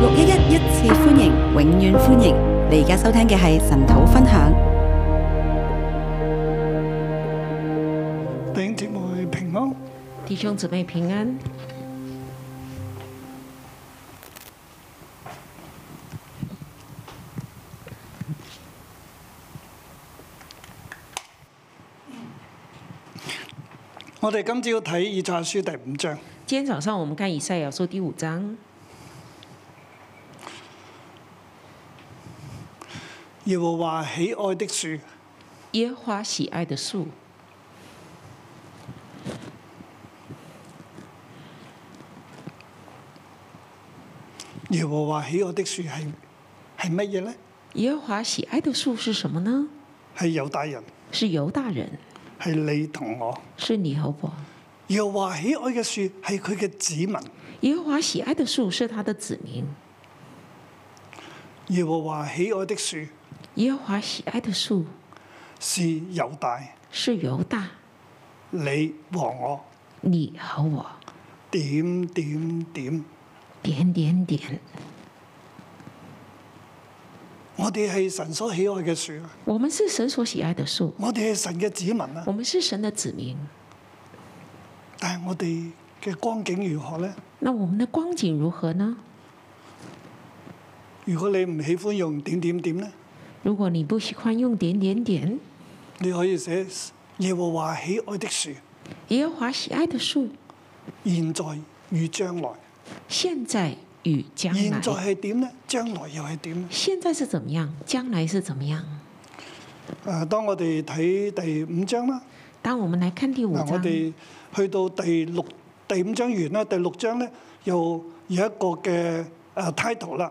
六一一一次歡迎，永遠歡迎！你而家收聽嘅係神土分享，弟兄姊妹平安，弟兄姊妹平安。我哋今朝睇以賽亞書第五章。今天早上我們看以賽亞書第五章。耶和華喜愛的樹，耶和華喜愛的樹，耶和華喜愛的樹係係乜嘢呢？耶和華喜愛的樹是什麼呢？係猶大人，是猶大人，係你同我，是你和我。耶和華喜愛嘅樹係佢嘅子民，耶和華喜愛的樹是他的子民。耶和華喜愛的樹。耶耶和華喜愛的樹是猶大，是猶大，你和我，你和我，點點點，點點點，我哋係神所喜愛嘅樹。我們是神所喜愛的樹，我哋係神嘅子民啊！我們是神的子民，但係我哋嘅光景如何呢？那我們的光景如何呢？如果你唔喜歡用點點點呢？如果你不喜歡用點點點，你可以寫耶和華喜愛的樹。耶和華喜愛的樹，現在與將來。現在與將來。現在係點咧？將來又係點咧？現在是怎麼樣？將來是怎麼樣？誒、啊，當我哋睇第五章啦。當我們來看第五章。啊、我哋去到第六第五章完啦，第六章咧又有一個嘅誒、uh, title 啦。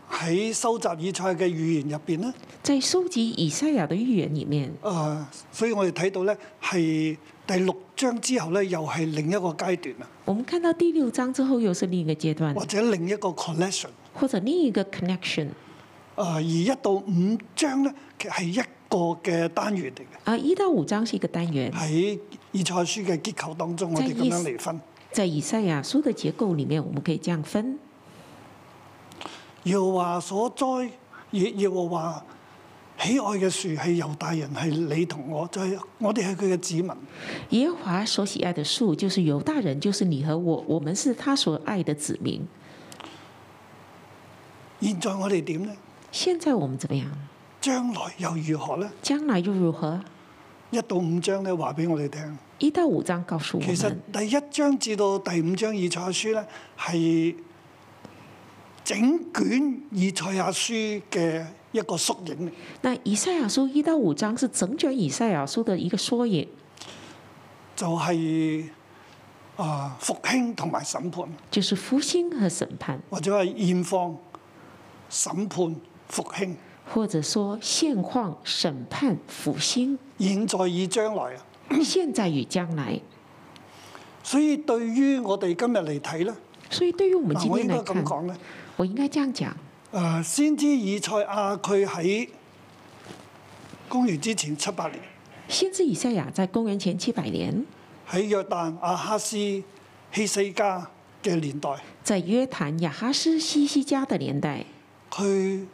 喺收集以賽嘅預言入邊咧，在收集以賽亞的預言裡面，誒、呃，所以我哋睇到咧係第六章之後咧，又係另一個階段啊。我們看到第六章之後又是另一個階段，或者另一個 collection，或者呢一個 connection、呃。誒，而一到五章咧，其實係一個嘅單元嚟嘅。啊，一到五章是一個單元，喺以賽書嘅結構當中，我哋咁樣嚟分。在，在以賽亞書嘅結構裡面，我們可以這樣分。又話，所栽耶和華喜愛嘅樹係猶大人係你同我，就係我哋係佢嘅子民。耶和華所喜愛嘅樹就是猶大人，就是你和我，我們是他所愛的子民。現在我哋點呢？現在我們怎麼樣？將來又如何呢？將來又如何？一到五章咧，話俾我哋聽。一到五章告訴我。其實第一章至到第五章以賽書咧係。整卷以賽亞書嘅一個縮影。那以賽亞書一到五章是整卷以賽亞書嘅一個縮影，就係啊復興同埋審判。就是復興和審判，或者係現況審判復興，或者說現況審判復興。現在與將來啊，現在與將來。所以對於我哋今日嚟睇咧，所以對於我哋應該咁講咧。我應該這樣講。誒，先知以賽亞佢喺公元之前七百年。先知以賽亞在公元前七百年，喺約坦亞哈斯希西家嘅年代。在約坦亞哈斯希西家嘅年代，佢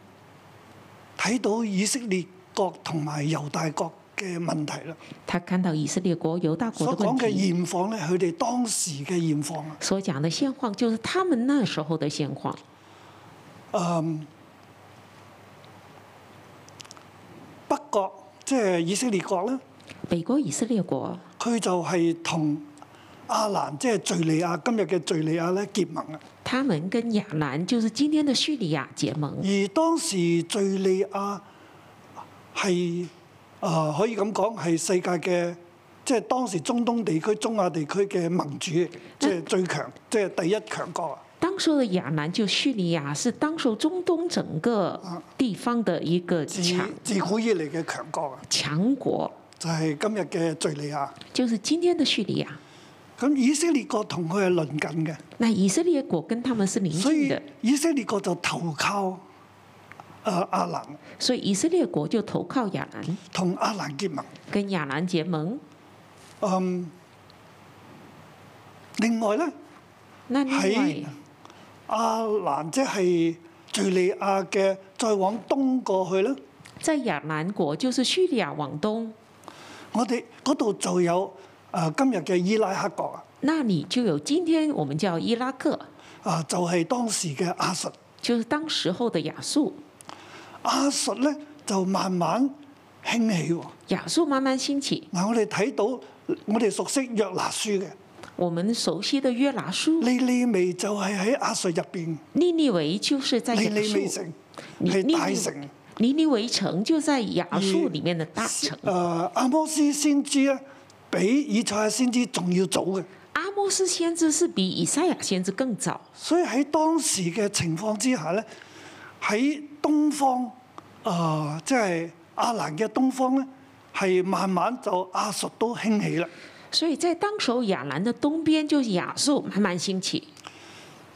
睇到以色列國同埋猶大國嘅問題啦。他看到以色列國、猶大國的問題。所講嘅現況呢，佢哋當時嘅現況。所講嘅現況就是他們那時候嘅現況。誒、um, 北國即係以色列國咧，北、就、國、是、以色列國，佢就係同亞蘭即係敍利亞今日嘅敍利亞咧結盟啊！他們跟亞蘭，就是今天嘅敍利亞結盟。而當時敍利亞係誒可以咁講係世界嘅，即、就、係、是、當時中東地區、中亞地區嘅盟主，即、就、係、是、最強，即、啊、係、就是、第一強國啊！當時嘅亞蘭就敘利亞，是當時中東整個地方的一個強，自古以嚟嘅強國。強國就係、是、今日嘅敘利亞，就是今天的敘利亞。咁以色列國同佢係鄰近嘅，那以色列國跟他們是鄰近嘅。以，以色列國就投靠誒阿蘭，所以以色列國就投靠亞蘭，同阿蘭結盟，跟亞蘭結盟。嗯，另外咧，喺阿蘭即係敍利亞嘅，再往東過去即係亞蘭國，就是敍利亞往東。我哋嗰度就有誒、啊、今日嘅伊拉克國啊。那你就有今天，我們叫伊拉克。啊，就係、是、當時嘅阿述。就是當時候嘅亞述。亞述咧就慢慢興起喎。亞述慢慢興起。嗱，我哋睇到我哋熟悉約拿書嘅。我們熟悉的約拿書，尼尼維就係喺亞述入邊。尼尼維就是在亞述。尼尼維城，尼尼維城就在亞述裏面嘅大城。誒，阿摩斯先知咧，比以賽亞先知仲要早嘅。阿摩斯先知是比以賽亞先知更早。所以喺當時嘅情況之下咧，喺東方，誒、呃，即係亞蘭嘅東方咧，係慢慢就亞述都興起啦。所以在當時候，雅蘭的東邊就雅述慢慢興起。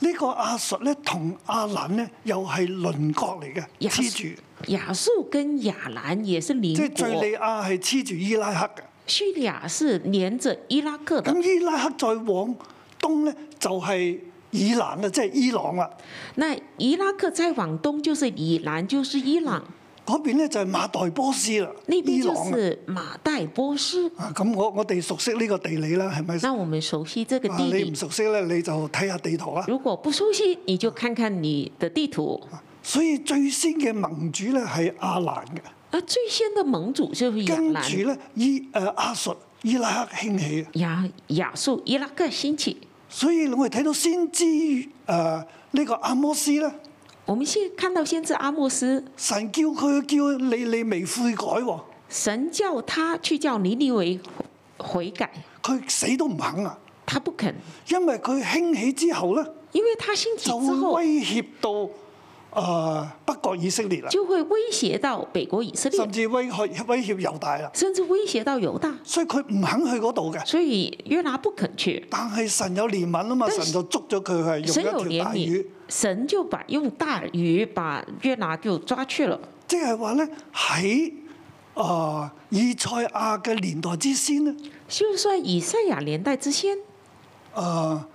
呢、這個阿述咧同阿蘭呢，又係鄰國嚟嘅，黐住。雅述跟雅蘭也是鄰國。即係敍利亞係黐住伊拉克嘅。敍利亞是連着伊拉克。咁伊拉克再往東咧就係以蘭啦，即係伊朗啦。那伊拉克再往東就是以、就是、朗伊拉克就是伊，就是伊朗。嗯嗰邊咧就係馬代波斯啦，伊朗就係馬代波斯。啊，咁我我哋熟悉呢個地理啦，係咪？那我哋熟悉呢個地理。你唔熟悉咧，你就睇下地圖啦。如果不熟悉，你就看看你嘅地圖。所以最先嘅盟主咧係亞蘭嘅。啊，最先嘅盟主就係亞蘭。跟住咧，伊誒亞述伊拉克興起。亞亞述伊拉克興起。所以我哋睇到先知誒呢、呃這個阿摩斯咧。我們先看到先知阿莫斯，神叫佢叫尼尼微悔改。神叫他去叫尼尼微悔改，佢死都唔肯啊。他不肯，因為佢興起之後咧，因為他興起之後就會威脅到。誒、呃、北國以色列啊，就會威脅到北國以色列，甚至威脅威脅猶大啦，甚至威脅到猶大，所以佢唔肯去嗰度嘅，所以約拿不肯去，但係神有憐憫啊嘛，神就捉咗佢去，用一條大魚，神就把用大魚把約拿就抓去了，即係話咧喺誒以賽亞嘅年代之先呢，就衰以賽亞年代之先，啊、呃。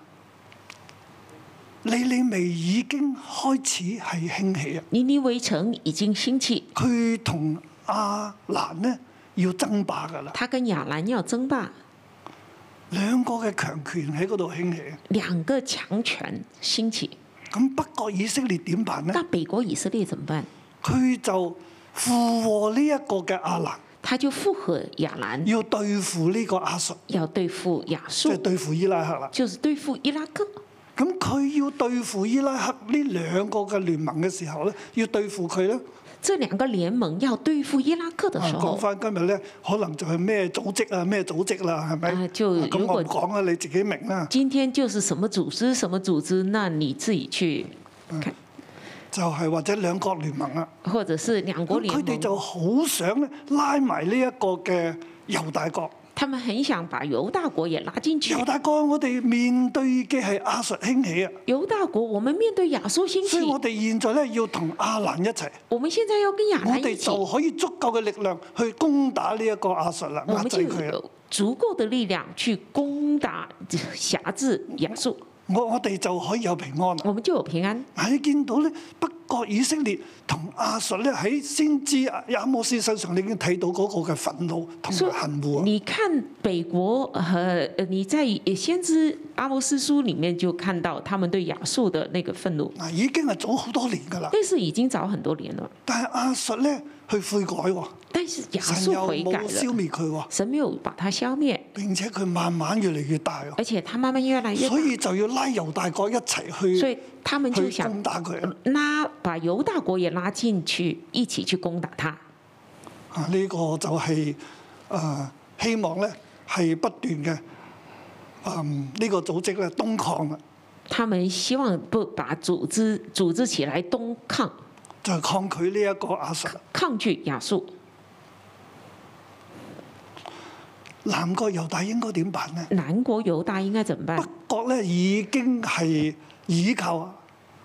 尼尼微已經開始係興起啊！尼尼微城已經興起。佢同亞蘭呢要爭霸噶啦。他跟亞蘭要爭霸，兩個嘅強權喺嗰度興起。啊，兩個強權興起。咁北國以色列點辦呢？那北國以色列怎麼辦？佢就附和呢一個嘅亞蘭。他就附和亞蘭。要對付呢個亞述。要對付亞述。即係對付伊拉克啦。就是對付伊拉克。咁佢要對付伊拉克呢兩個嘅聯盟嘅時候咧，要對付佢咧，即係兩個聯盟要對付伊拉克嘅時候。講、啊、翻今日咧，可能就係咩組織啊，咩組織啦、啊，係咪、啊？就咁我唔講啊，你自己明啦。今天就是什麼組織，什麼組織，那你自己去、啊。就係、是、或者兩國聯盟啊，或者是兩國聯盟。佢哋就好想呢拉埋呢一個嘅猶大國。他們很想把猶大國也拉進去。猶大國，我哋面對嘅係亞述興起啊！猶大國，我們面對亞述興,興起。所以我哋現在咧要同亞蘭一齊。我們現在要跟亞蘭一齊。我哋就可以足夠嘅力量去攻打呢一個亞述啦，我們就有足夠的力量去攻打這個亞，轄制亞述。我我哋就可以有平安了。我們就有平安。喺見到咧，北國以色列同亞述咧，喺先知阿摩斯身上，你已經睇到嗰個嘅憤怒同埋恨惡。你看北國和，你在先知阿摩斯書裡面就看到他們對亞述嘅那個憤怒。嗱，已經係早好多年㗎啦。但是已經早很多年啦。但係亞述咧。去悔改也神悔改，消滅佢喎，神沒有把它消滅，並且佢慢慢越嚟越大喎，而且他慢慢越來越大，所以就要拉猶大國一齊去，所以他們就想攻打佢，拉把猶大國也拉進去，一起去攻打他。啊，呢、這個就係、是、啊、呃，希望咧係不斷嘅啊，呢、呃這個組織咧東抗啦。他們希望不把組織組織起來東抗。在、就是、抗拒呢一個亞述，抗拒亞述。南國猶大應該點辦呢？南國猶大應該怎麼辦？北國咧已經係依靠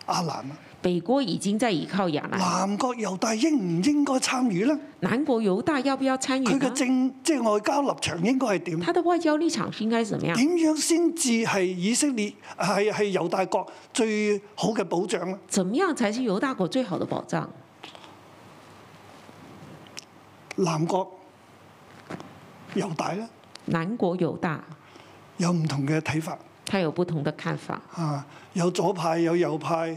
阿蘭。北國已經在依靠亞蘭，南國猶大應唔應該參與呢？南國猶大要不要參與？佢嘅政即係外交立場應該係點？他的外交立場應該怎麼樣？點樣先至係以色列係係猶大國最好嘅保障咧？怎麼樣才是猶大國最好的保障？南國猶大呢？南國猶大有唔同嘅睇法，他有不同嘅看法啊！有左派，有右派。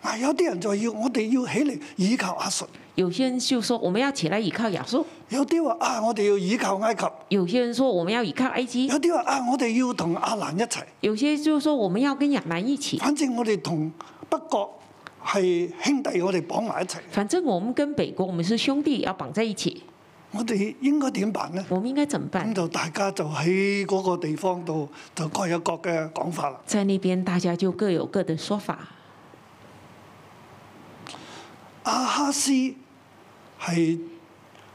啊！有啲人就要我哋要起嚟依靠阿叔。有些人就說，我們要起來依靠阿叔。有啲話啊，我哋要依靠埃及。有些人說，我們要依靠埃及。有啲話啊，我哋要同阿蘭一齊。有些就是說，我們要跟阿蘭一起。反正我哋同北國係兄弟，我哋綁埋一齊。反正我們跟北國，我，我，我們是兄弟，要綁在一起。我哋應該點辦呢？我們應該怎麼辦？咁就大家就喺嗰個地方度，就各有各嘅講法啦。在呢邊，大家就各有各的說法。亞哈斯係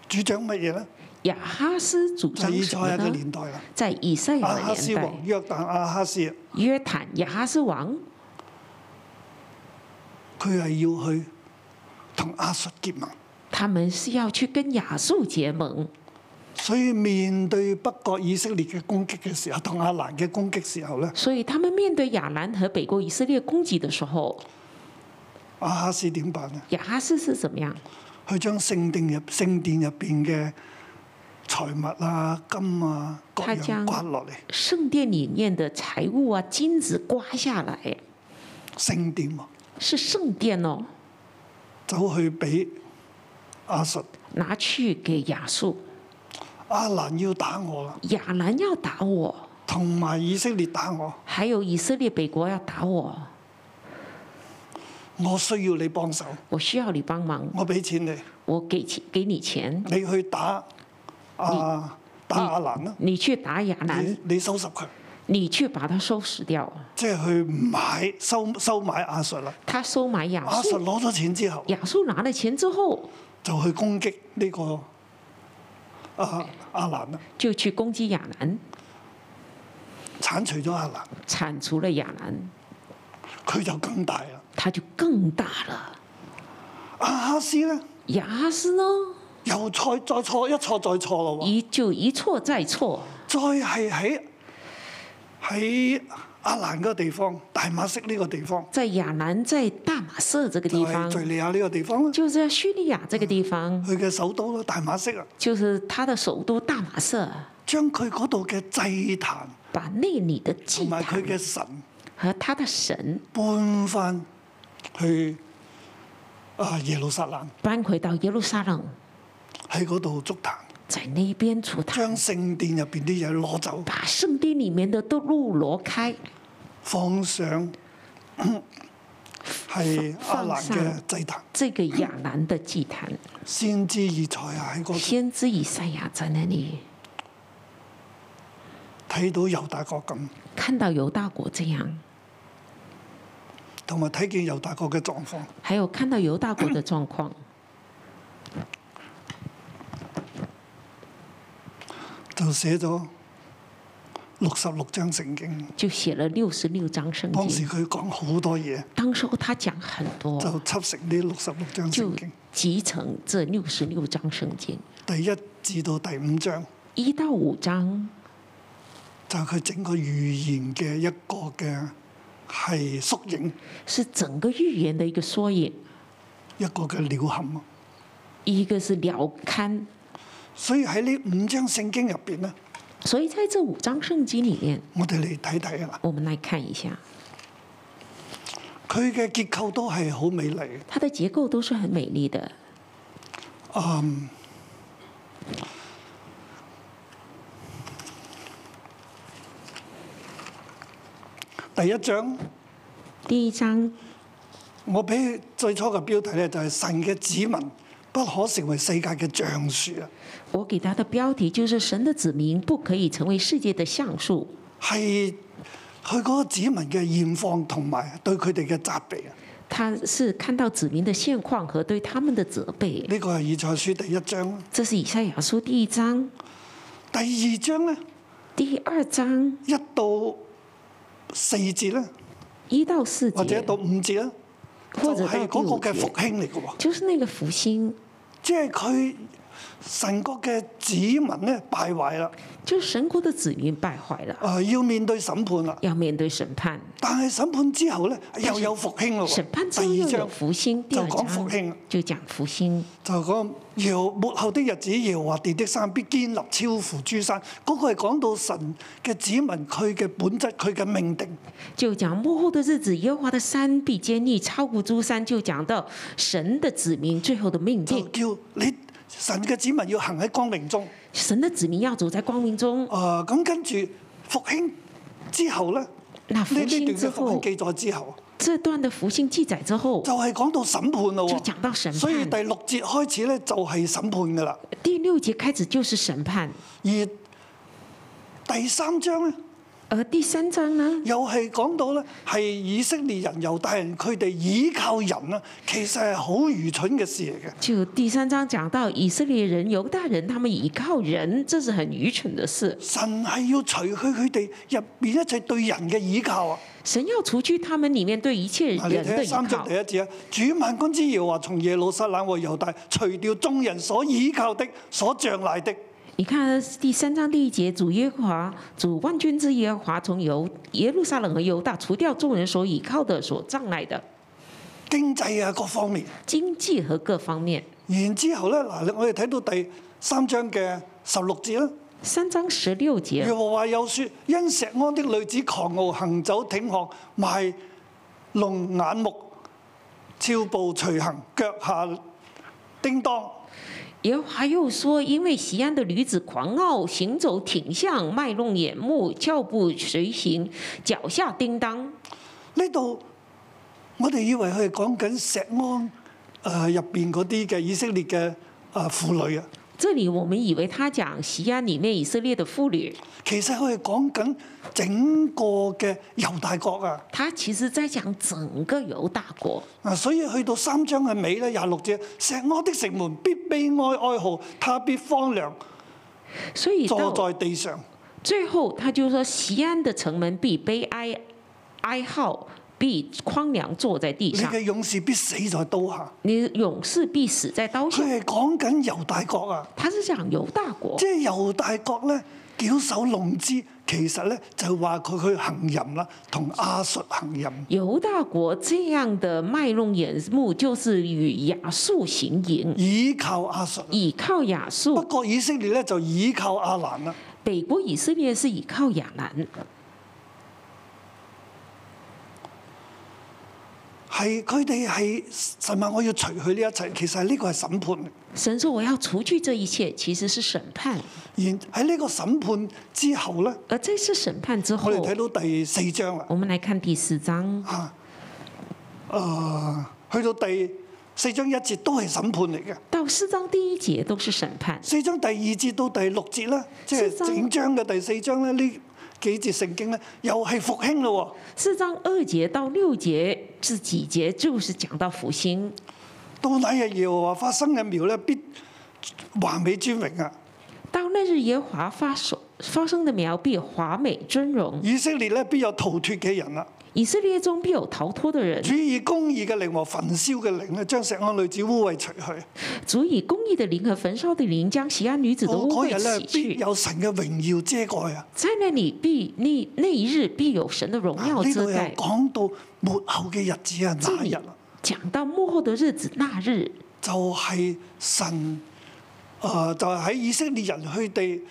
主張乜嘢咧？亞哈斯主張什麼咧？在以賽亞嘅年代啦，亞哈斯王約坦亞哈斯、約坦亞哈斯王，佢係要去同亞述結盟。他們是要去跟亞述結盟。所以面對北國以色列嘅攻擊嘅時候，同亞蘭嘅攻擊時候咧，所以他們面對亞蘭和北國以色列攻擊的時候。亞哈斯點辦啊？亞哈斯是點樣？佢將聖殿入聖殿入邊嘅財物啊、金啊、各樣刮落嚟。聖殿裡面嘅財物啊、金子刮下來。聖殿啊？是聖殿咯。走去俾亞述拿去給亞述。亞蘭要打我啦。亞蘭要打我。同埋以色列打我。還有以色列北國要打我。我需要你幫手。我需要你幫忙。我俾錢你。我給錢，給你錢。你去打啊，打阿蘭啦。你去打亞蘭。你，你收拾佢。你去把他收拾掉。即係去買收收買亞術啦。他收買亞術。亞術攞咗錢之後。亞術拿了錢之後，就去攻擊呢個阿阿蘭啊，就去攻擊亞蘭，剷除咗亞蘭。剷除了亞蘭，佢就更大他就更大了。阿哈斯呢？亞斯呢？又錯再再錯一錯再錯咯。一，錯錯一就一錯再錯。再係喺喺亞蘭嗰個地方，大馬色呢個地方。在亞蘭，在大馬色這個地方。在敍利亞呢個地方。就在、是、敍利亞這個地方。佢、就、嘅、是嗯、首都大馬色啊。就是他的首都大馬色。將佢嗰度嘅祭壇，把那裏的祭壇同埋佢嘅神和他的神，的神搬返。去啊耶路撒冷，搬佢到耶路撒冷，喺嗰度築壇，喺呢邊築壇，將聖殿入邊啲嘢攞走，把聖殿裏面的都攞開，放上係亞蘭嘅祭壇，這個亞蘭的祭壇，祭壇 先知以賽亞，喺個，先知以賽亞喺嗰度，睇到猶大國咁，看到猶大國這樣。嗯同埋睇見猶大國嘅狀況，還有看到猶大國嘅狀況， 就寫咗六十六章聖經，就寫了六十六章聖經。當時佢講好多嘢，當初，候他講很多，就輯成呢六十六章聖經，集成這六十六章聖經。第一至到第五章，一到五章就係、是、佢整個預言嘅一個嘅，係縮影，是整個預言的一個縮影，一個嘅鳥瞰。一個是鳥瞰，所以喺呢五章聖經入邊咧，所以喺這五章聖經裡面，我哋嚟睇睇啦。我們來看一下，佢嘅結構都係好美麗。它的結構都是很美麗的。第一章，第二章，我俾最初嘅標題咧就係神嘅子民不可成為世界嘅橡樹啊！我給他的標題就是神的子民不可以成為世界的橡樹。係佢嗰個子民嘅現況同埋對佢哋嘅責備啊！他是看到子民的現況和對他們的責備。呢個係以賽亞書第一章。這是以賽亞書第一章。第二章呢？第二章一到。四節呢，一到四節或者到五節呢，就係嗰個嘅復興嚟嘅喎，就是那個復興，即係佢。就是神國嘅子民呢，敗壞啦！就神國嘅子民敗壞了。啊、呃，要面對審判啦！要面對審判。但係審判之後咧，又有復興咯。審判之後又有復興，就復興，就復興。就講復興。就講復興。就講要末後的日子，耶和華殿的山必堅立超乎諸山。嗰、嗯，那個係講到神嘅子民佢嘅本質，佢嘅命定。就講末後的日子，耶和華的山必堅立超乎諸山，就講到神的子民最後的命定。就叫你。神嘅子民要行喺光明中，神的子民要走在光明中。啊、呃，咁跟住復興之後咧，那復興之後，這段的復興記載之後，這段的復興記載之後，就係講到審判啦、哦。就講到審判，所以第六節開始咧就係審判噶啦。第六節開始就是審判，而第三章咧。而第三章呢，又係講到咧，係以色列人、猶大人佢哋倚靠人啦，其實係好愚蠢嘅事嚟嘅。就第三章講到以色列人、猶大人，他們倚靠人，這是很愚蠢嘅事。神係要除去佢哋入面一切對人嘅倚靠啊！神要除去他們裡面對一切人嘅倚靠。你睇三章第一節啊，主萬軍之耶和華從耶路撒冷和猶大，除掉眾人所倚靠的、所仗賴的。你看第三章第一節，主耶和華，主萬軍之耶和華，從由耶路撒冷和猶大除掉眾人所倚靠的、所障礙的經濟啊，各方面經濟和各方面。然之後呢，我哋睇到第三章嘅十六節啦。三章十六節。耶和華有說：因石安的女子狂傲行走航，挺項，賣弄眼目，悄步徐行，腳下叮當。耶和華又說，因為錫安的女子狂傲，行走挺項，賣弄眼目，腳步隨行，腳下叮當。呢度我哋以為佢係講緊錫安，誒入邊嗰啲嘅以色列嘅啊婦女啊。這裏我們以為他講西安裏面以色列的婦女，其實佢係講緊整個嘅猶大國啊。他其實在講整個猶大國。嗱、啊，所以去到三章嘅尾咧，廿六節，西安的城門必悲哀哀號，他必荒涼。所以坐在地上，最後他就說西安的城門必悲哀哀號。哀必荒涼坐在地上。你嘅勇士必死在刀下。你勇士必死在刀下。佢係講緊猶大國啊。他是講猶大國。即係猶大國咧，矯手弄姿，其實咧就話佢去行淫啦，同亞述行淫。猶大國這樣的賣弄眼目，就是與亞述行淫。倚靠亞述,述。倚靠亞述。不過以色列咧就倚靠亞蘭啦。北國以色列是倚靠亞蘭。係佢哋係神話，我要除去呢一切，其實係呢個係審判。神說我要除去這一切，其實是審判。然喺呢個審判之後咧？而這次審判之後，我哋睇到第四章啦。我們嚟看第四章。吓、啊，誒、呃，去到第四章一節都係審判嚟嘅。到四章第一節都是審判。四章第二節到第六節咧，即係整章嘅第四章咧呢？這幾節聖經咧，又係復興咯。四章二節到六節至幾節，就是講到復興。到那日耶和華發生嘅苗呢？必華美尊榮啊。到那日耶和華所發生嘅苗必華美尊榮。以色列呢，必有逃脱嘅人啊。以色列中必有逃脫的人。主以公義嘅靈和焚燒嘅靈咧，將錫安女子污穢除去。主以公義嘅靈和焚燒嘅靈，將錫安女子的污穢除去。有神嘅榮耀遮蓋啊！在、啊、那裏必那那一日必有神嘅榮耀遮蓋。呢講到末後嘅日子啊，那日啊。講到末後嘅日子那日，就係神，誒，就係喺以色列人去地。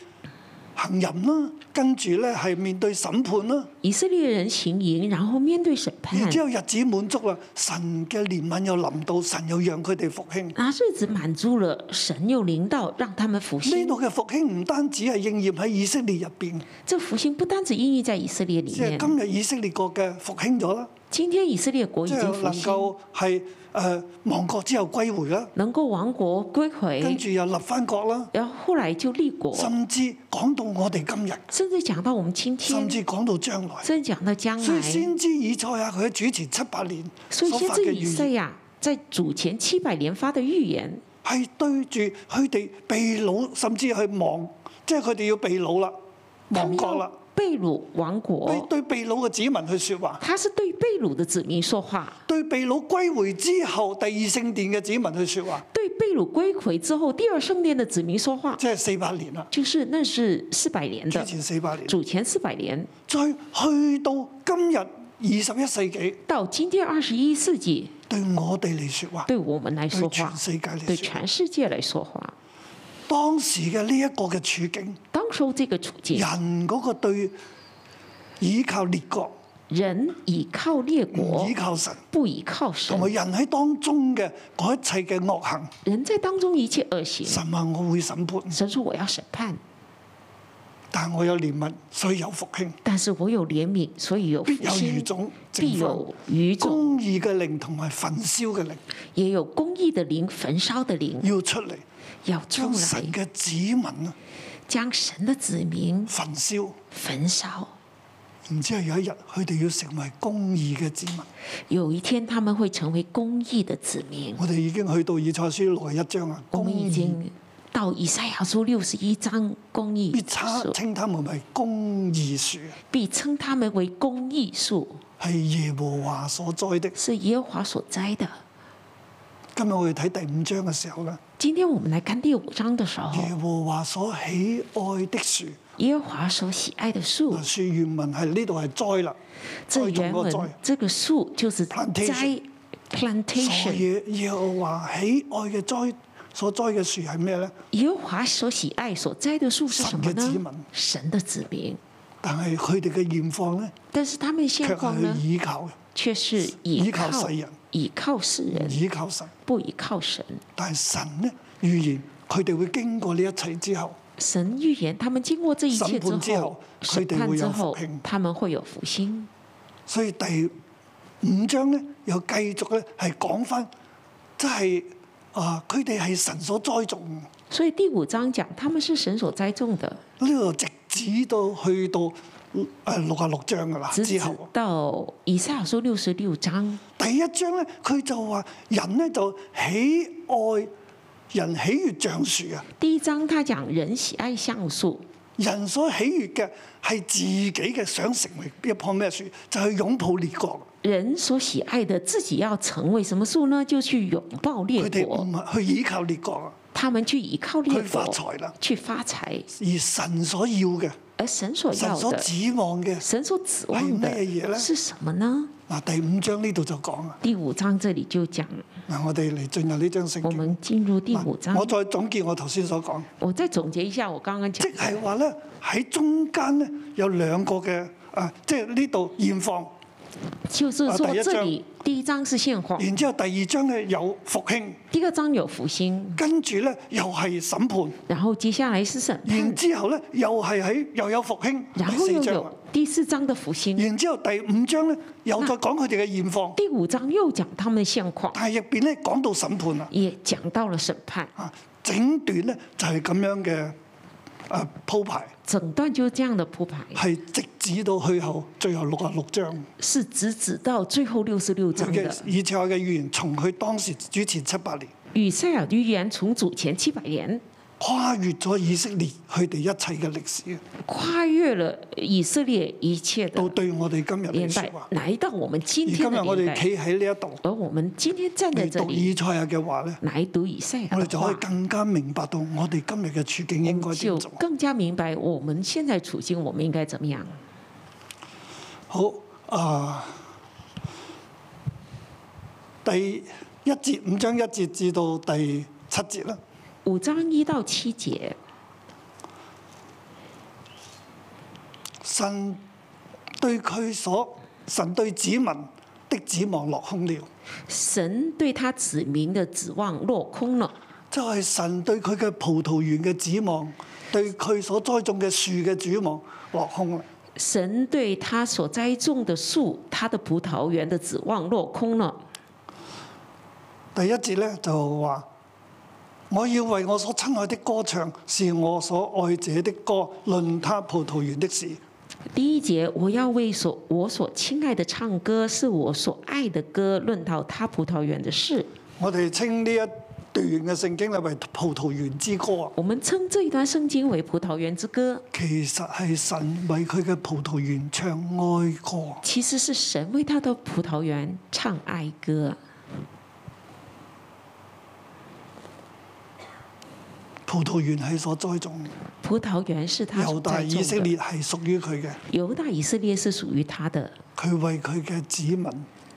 行淫啦，啊，跟住咧係面對審判啦，啊。以色列人行淫，然後面對審判。然之後日子滿足啦，神嘅憐憫又臨到，神又讓佢哋復興。啊，日子滿足了，神又臨到，讓他們復興。呢度嘅復興唔單止係應驗喺以色列入邊。這復興不單止應驗在以色列裏面。即係，就是，今日以色列國嘅復興咗啦。今天以色列國已經能夠係誒亡國之後歸回啦，能夠亡國歸回，跟住又立翻國啦。然後後來就立國，甚至講到我哋今日，甚至講到我們今天，甚至講到將來，講到將來。所以先知以賽亞佢喺主前七八年所發嘅預言，先知以賽亞在主前七百年發的預言，係對住佢哋被擄甚至去亡，即係佢哋要被擄啦，亡國啦。祕魯王國對對被擄嘅子民去說話，他是對被擄的子民說話。對被擄歸回之後第二聖殿嘅子民去說話。對被擄歸回之後第二聖殿嘅子民說話。即係四百年啦，就是那是四百年的。之前四百年，主前四百年，再去到今日二十一世紀。到今天二十一世紀，對我哋嚟說話，對我們來說話，對全世界嚟說話，對全世界來說話。當時嘅呢一個嘅處境，當時呢個處境，人嗰個對依靠列國，人倚靠列國，依靠神，不依靠神，同埋人喺當中嘅嗰一切嘅惡行，人在當中一切惡行，神話我會審判，神說我要審判，但我有憐憫，所以有復興，但是我有憐憫，所以有復興，必有餘種，必有餘種，公義嘅靈同埋焚燒嘅靈，也有公義嘅靈，焚燒嘅靈要出嚟。要將神嘅子民，將神嘅子民焚燒，焚燒，唔知係有一日佢哋要成為公義嘅子民。有一天他們會成為公義嘅子民。我哋已經去到以賽書六十一章啊，我哋已經到以賽亞書六十一章公義。比差他公義書稱他們為公義樹，比稱他們為公義樹係耶和華所栽的，是耶和華所栽的。今日我哋睇第五章嘅時候啦，今天我們嚟看第五章的時候，耶和華所喜愛的樹，耶和華所喜愛的樹，樹原文係呢度係栽啦，栽種個栽，這個樹就是栽，栽的 plantation。耶和華喜愛嘅栽所栽嘅樹係咩咧？耶和華所喜愛所栽的樹是什麼呢？神的子民，神的子民。但係佢哋嘅現況咧，但是他們現況咧，卻係依靠嘅，卻是依靠，依靠世人，依靠世人，依靠神，不依靠神。但係神咧預言佢哋會經過呢一切之後，神預言他們經過這一切之後，佢哋會有復興，所以第五章咧又繼續咧係講返，即係啊佢哋係神所栽種。所以第五章講他們是神所栽種的呢個植。指到去到誒六啊六章噶啦，之後到以賽亞書六十六章。第一章咧，佢就話人咧就喜愛人喜悅橡樹啊。第一章，他講人喜愛橡樹，人所喜悅嘅係自己嘅想成為一樖咩樹？就去擁抱列國。人所喜愛的自己要成為什麼樹呢？就去擁抱列國，去依靠列國。他們去依靠列國，去發財喇，去發財。而神所要嘅，而神所要的，神所指望嘅，神所指望的係咩嘢咧？是什麼呢？嗱，第五章呢度就講。第五章這裏就講。嗱，我哋嚟進入呢章聖經。我們進入第五章。我再總結我頭先所講。我再總結一下我剛剛講。即係話咧，喺中間咧有兩個嘅，啊，即係呢度現況。就係說這裏。第一章是現況，然之後第二章咧有復興，第二章有復興，跟住咧又係審判，然後接下來是審，然之後咧又係喺又有復興，然後又有第四章的復興，然之後第五章咧又再講佢哋嘅現況，第，第五章又講他們現況，但係入邊咧講到審判啦，也講到了審判，啊，整段咧就係咁樣嘅。誒鋪排，整段就這樣的鋪排，係直至到去後最後六十六章，是直至到最後六十六章嘅以色列嘅預言，從佢當時之前七百年。以色列嘅預言從主前七百年。跨越咗以色列佢哋一切嘅歷史跨越了以色列一切都對我哋今日嘅到我們今日我哋企喺呢一度，到我們今天真係讀度。讀以賽亞嘅話，咧，來讀以賽亞我哋就可以更加明白到我哋今日嘅處境應該點樣。就更加明白我們現在處境，我們應該點樣。好啊、呃，第一節五章一節至到第七節啦。五章一到七節，神對佢所神對子民的指望落空了。神對他子民的指望落空了。就係、是、神對佢嘅葡萄園嘅指望，對佢所栽種嘅樹嘅指望落空啦。神對他所栽種的樹，他的葡萄園的指望落空了。第一節咧就話：我要為我所親愛的歌唱，是我所愛者的歌，論他葡萄園的事。第一節，我要為所我所親愛的唱歌，是我所愛的歌，論到他葡萄園的事。我哋稱呢一段嘅聖經係為葡萄園之歌。我們稱這一段聖經為葡萄園之歌。其實係神為佢嘅葡萄園唱愛歌。其實是神為他的葡萄園唱愛歌。葡萄園係所栽種，葡萄園是他所栽種嘅。猶大以色列係屬於佢嘅。猶大以色列是屬於他的。佢為佢嘅子民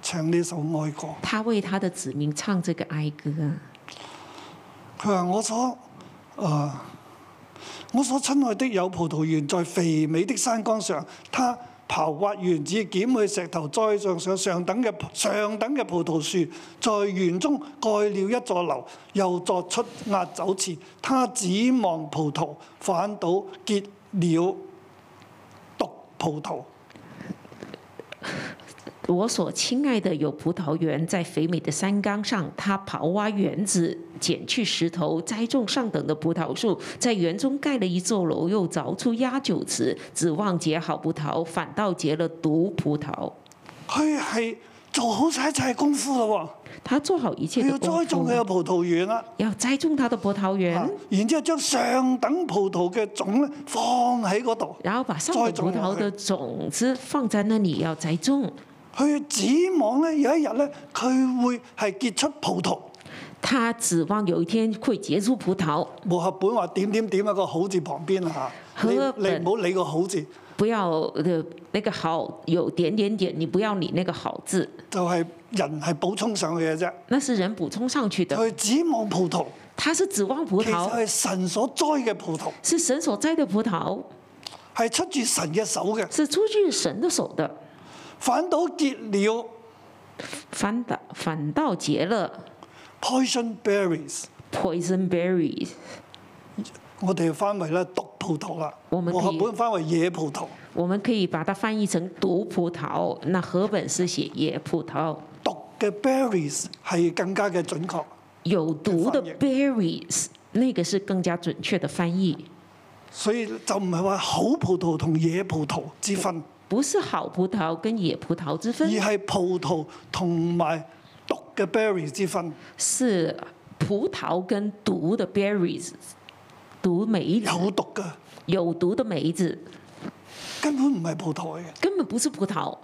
唱呢首哀歌。他為他的子民唱這個哀歌啊！佢話、呃：我所，啊，我所親愛的有葡萄園在肥美的山崗上，他。刨挖園子，撿去石頭，栽上上上等嘅上等嘅葡萄樹。在園中蓋了一座樓，又作出壓酒池。他指望葡萄反倒結了毒葡萄。 我所親愛的有葡萄園，在肥美的山岡上，他刨挖園子，撿去石頭，栽種上等的葡萄樹，在園中蓋了一座樓，又鑿出壓酒池，指望結好葡萄，反倒結了毒葡萄。佢係做好晒一切功夫咯。他做好一切，要栽種佢嘅葡萄園啊，要栽種他的葡萄園。啊、然之後將上等葡萄嘅種咧放喺嗰度，然後把上等葡萄的種子放在那裏要栽，栽種。佢指望咧有一日咧，佢會係結出葡萄。他指望有一天會結出葡萄。和合本話點點點喺個好字旁邊啊！你你唔好理個好字。不要，呢個好有點點點，你不要理呢個好字。就係、是、人係補充上去嘅啫。那是人補充上去嘅。佢、就是、指望葡萄。他是指望葡萄。其實係神所栽嘅葡萄。是神所栽的葡萄，係出自神嘅手嘅。是出自神的手的。反倒結了，反倒反倒結了。Poison berries，poison berries。我哋翻為咧毒葡萄啦。我們可以我本翻為野葡萄。我們可以把它翻譯成毒葡萄，那和合本是寫野葡萄。毒嘅 berries 係更加嘅準確的。有毒嘅 berries，那個是更加準確的翻譯。所以就唔係話好葡萄同野葡萄之分。不是好葡萄跟野葡萄之分，而係葡萄同埋毒嘅 berries 之分。是葡萄跟毒的 berries，毒梅。有毒嘅。有毒的梅子根本唔係葡萄嘅。根本不是葡萄。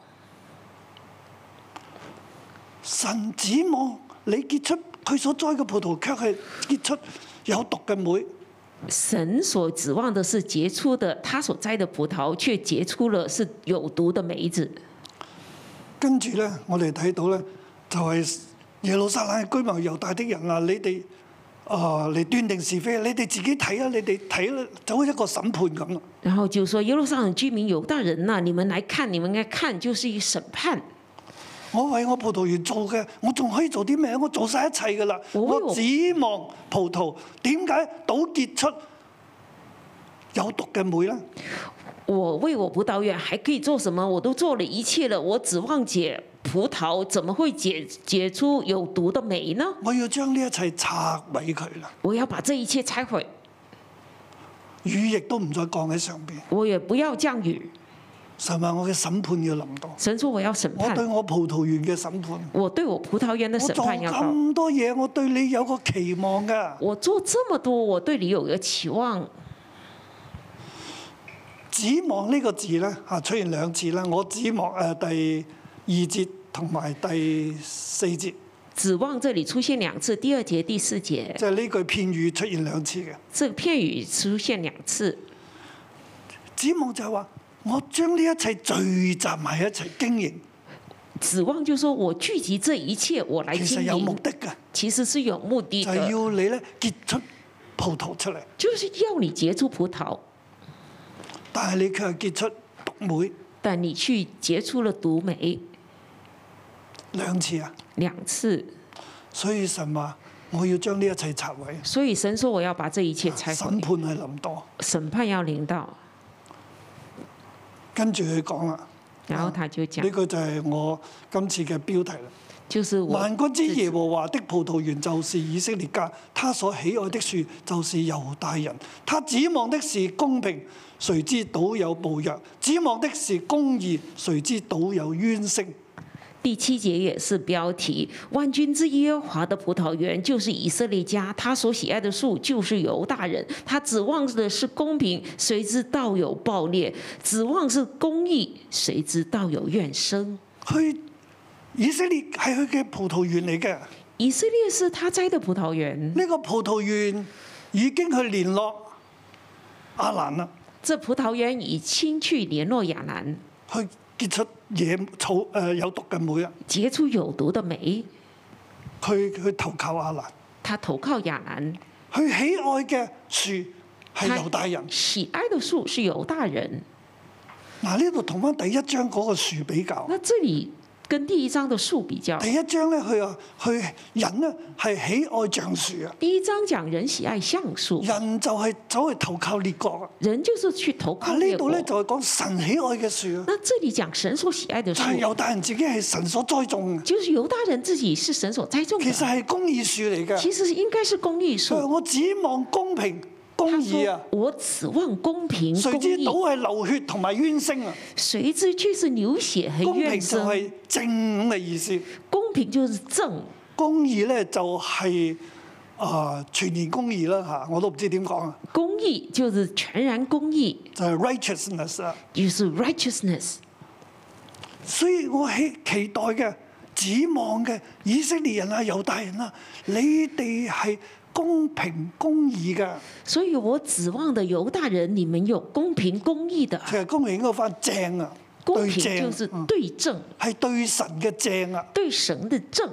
神指望你結出佢所栽嘅葡萄，卻係結出有毒嘅梅。神所指望的是結出的，他所摘的葡萄，卻結出了是有毒的梅子。跟住呢，我哋睇到呢，就係、是、耶路撒冷嘅居民猶大的人啊，你哋啊嚟斷定是非，你哋自己睇啊，你哋睇、啊、就好一個審判咁。然後就說，耶路撒冷居民猶大人啊，你們來看，你們嘅看，看就是一審判。我為我葡萄園做嘅，我仲可以做啲咩？我做晒一切㗎啦，我指望葡萄點解倒結出有毒嘅莓呢？我為我葡萄園還可以做什麼？我都做了一切了，我指望結葡萄，怎麼會結結出有毒的莓呢？我要將呢一切拆毀佢啦！我要把這一切拆毀。雨亦都唔再降喺上邊。我也不要降雨。神話我嘅審判要臨到。神說：我要審判。我對我葡萄園嘅審判。我對我葡萄園嘅審判要到。我做咁多嘢，我對你有個期望㗎。我做這麼多，我對你有個期望。指望呢個字咧，嚇出現兩次啦。我指望誒第二節同埋第四節。指望這裡出現兩次，第二節第四節。即係呢句片語出現兩次嘅。這個片語出現兩次。指望就係話。我將呢一切聚集埋一齊經營，指望就係說，我聚集這一切，我來經營。其實有目的㗎，其實是有目的的。就係、是、要你咧結出葡萄出嚟，就是要你結出葡萄。但係你卻結出毒梅。但你去結出了毒梅，兩次啊？兩次。所以神話我要將呢一切拆毀。所以神說我要把這一切拆毀。審判係諗多，審判要臨到。跟住佢講啦，呢個就係、啊、我今次嘅標題啦、就是。萬軍之耶和華的葡萄園就是以色列家，他所喜愛的樹就是猶大人。他指望的是公平，誰知倒有暴虐，指望的是公義，誰知倒有冤聲。第七節也是標題，萬軍之耶和華的葡萄園就是以色列家，他所喜愛的樹就是猶大人，他指望的是公平，誰知道有暴虐；指望是公義，誰知道有怨聲。去以色列係佢嘅葡萄園嚟嘅，以色列是他栽的葡萄園，呢、這個葡萄園已經去聯絡亞蘭啦。這葡萄園已先去聯絡亞蘭，去結束。野草有毒嘅梅啊，結、呃、出有毒的梅、啊，佢投靠阿蘭，他投靠亞蘭，佢喜愛嘅樹係猶大人，喜愛的樹是猶大人。嗱，呢度同翻第一張嗰個樹比較，跟第一章的樹比較，第一章咧，佢啊佢人呢，係喜愛橡樹啊。第一章講人喜愛橡樹，人就係走去投靠列國。人就是去投靠。呢度咧就係講神喜愛嘅樹。嗱這裏講神所喜愛的樹。猶大人自己係神所栽種。就是猶大人自己是神所栽種。其實係公義樹嚟嘅。其實應該是公義樹。我指望公平。公義啊！我指望公平公義，誰知道係流血同埋冤聲啊！誰知卻是流血係冤聲。公平就係正嘅意思。公平就是正。公義咧就係、是、啊、呃、全然公義啦吓，我都唔知點講啊。公義就是全然公義，就係、是、righteousness，就是 righteousness。所以我期待嘅、指望嘅以色列人啊、猶大人啦、啊，你哋係。公平公義噶，所以我指望的猶大人，你們有公平公義的。其實公平應該翻正啊，公平就是對正，係、嗯、對神嘅正啊，對神嘅正。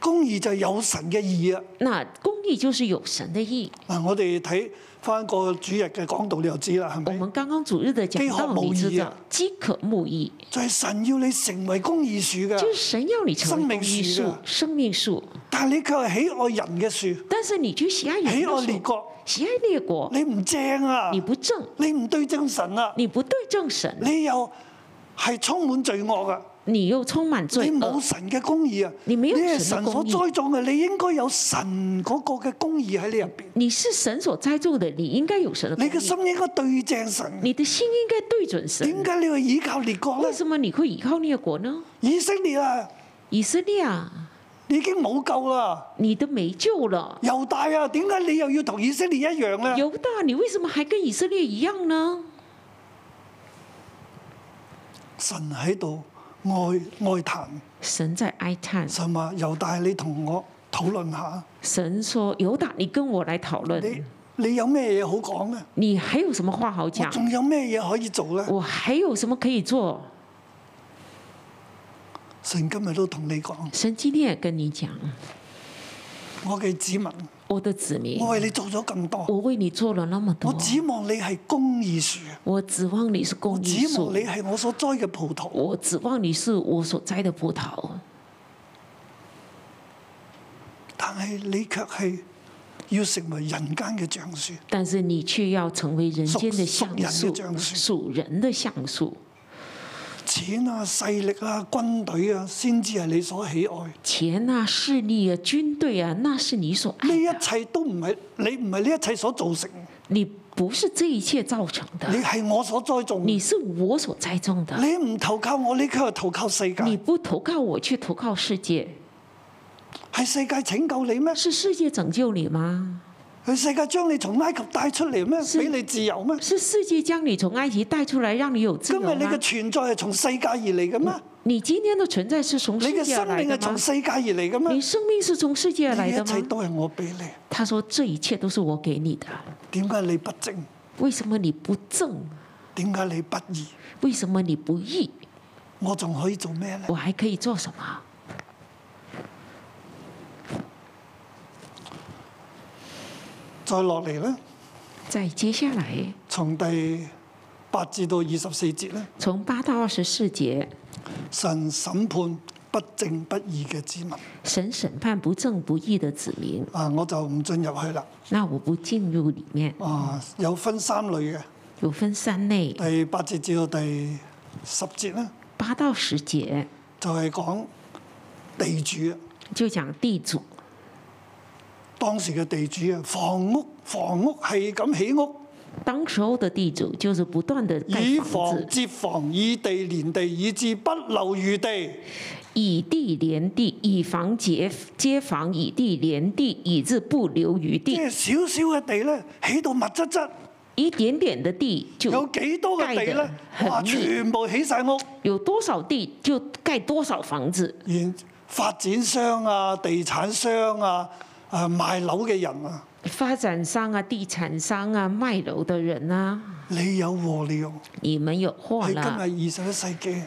公義就有神嘅義啊，嗱，公義就是有神嘅義、啊、義，義。嗱、啊，我哋睇。翻個主日嘅講道你就知啦，係咪？飢渴無義、啊。飢渴無意，就係、是、神要你成為公義樹嘅。就係、是、神要你成為公嘅生,生命樹。生命樹。但係你卻喜愛人嘅樹。但是你卻喜愛人嘅樹。喜愛列國，喜愛列國。你唔正啊！你不正、啊。你唔對正神啊！你不對正神、啊。你又係充滿罪惡嘅、啊。你又充滿罪，你冇神嘅公義啊！你係神所栽種嘅，你應該有神嗰個嘅公義喺你入邊。你是神所栽種嘅，你應該有神你。你嘅心應該對正神，你嘅心應該對準神。點解你會依靠列國？為什麼你會依靠列國呢，依靠國呢？以色列啊，以色列啊，你已經冇救啦！你都沒救了。猶大啊，點解你又要同以色列一樣啊？猶大，你為什麼還跟以色列一樣呢？神喺度。愛愛談，神在哀嘆。神話猶大，你同我討論下。神說猶大，你跟我來討論。你，你有咩嘢好講咧？你還有什麼話好講？我仲有咩嘢可以做咧？我還有什麼可以做？神今日都同你講。神今天也跟你講。我嘅子民。我的子民，我為你做咗更多，我為你做了那麼多，我指望你係公義樹，我指望你是公義樹，我指望你係我所栽嘅葡萄，我指望你是我所栽的葡萄，但係你卻係要成為人間嘅橡樹，但是你卻是要成為人間的橡樹，樹，屬人的橡樹。錢啊、勢力啊、軍隊啊，先至係你所喜愛。錢啊、勢力啊、軍隊啊，那是你所愛。呢一切都唔係你，唔係呢一切所造成。你不是這一切造成的。你係我所栽種。你是我所栽種的。你唔投靠我，你卻投靠世界。你不投靠我，去投靠世界，係世界拯救你咩？是世界拯救你嗎？係世界將你從埃及帶出嚟咩？俾你自由咩？是世界將你從埃及帶出嚟，讓你有自由。今日你嘅存在係從世界而嚟嘅咩？你今天嘅存在是從世界來的嗎？你嘅生命係從世界而嚟嘅咩？你生命是從世界嚟嘅咩？你一切都係我俾你。佢說：這一切都是我給你的。點解你不正？為什麼你不正？點解你不義？為什麼你不義？我仲可以做咩咧？我還可以做什麼？再落嚟咧，再接下來，從第八至到二十四節咧，從八到二十四節，神審判不正不義嘅子民，神審判不正不義嘅子民，啊，我就唔進入去啦。那我不進入裡面。啊，有分三類嘅，有分三類。第八節至到第十節咧，八到十節，就係講地主，就講地主。當時嘅地主啊，房屋房屋係咁起屋。當時候的地主就是不斷地房以房接房，以地連地，以至不留餘地。以地連地，以房接接房，以地連地，以至不留餘地。即係少少嘅地咧，起到密質質。一點點嘅地就有幾多嘅地咧？全部起晒屋。有多少地就蓋多少房子。連發展商啊，地產商啊。啊！賣樓嘅人啊，發展商啊、地產商啊、賣樓嘅人啊，你有和你有，你們有貨啦。今日二十一世紀，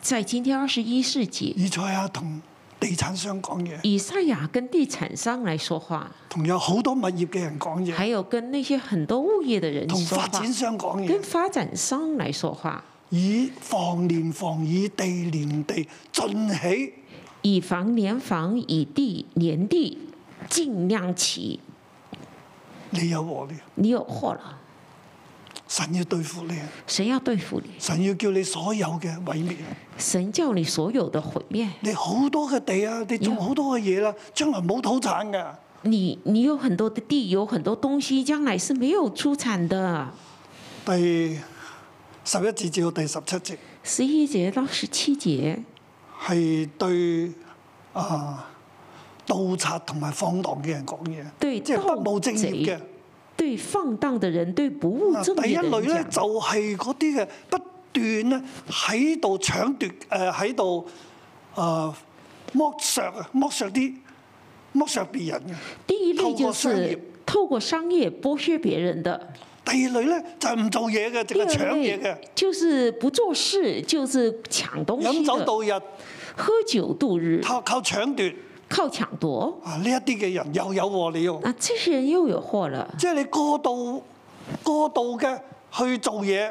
在今天二十一世紀，以賽亞同地產商講嘢，以賽亞跟地產商嚟說，說話，同有好多物業嘅人講嘢，還有跟那些很多物業嘅人同發展商講嘢，跟發展商來說話。以房連房，以地連地，進起，以房連房，以地連地。盡量起，你有我你有禍啦！神要對付你，神要對付你。神要叫你所有嘅毀滅，神叫你所有嘅毀滅。你好多嘅地啊，你做好多嘅嘢啦，將來冇土產噶。你你有很多嘅地，地，有很多東西，將來是沒有出產的。第十一節至到第十七節，十一節到十七節係對啊。盜賊同埋放蕩嘅人講嘢，對，即係不務正業嘅。對放蕩嘅人，對不務正業嘅人。第一類咧就係嗰啲嘅不斷咧喺度搶奪，誒喺度誒剝削啊剝削啲剝削別人嘅。第一類就是透過商業剝削別人的。第二類咧就係唔做嘢嘅，淨係搶嘢嘅。就是不做事，就是搶東西。飲酒度日，喝酒度日，靠靠搶奪。靠搶奪啊！呢一啲嘅人又有禍了。啊！這些人又有禍了。即係你過度過度嘅去做嘢，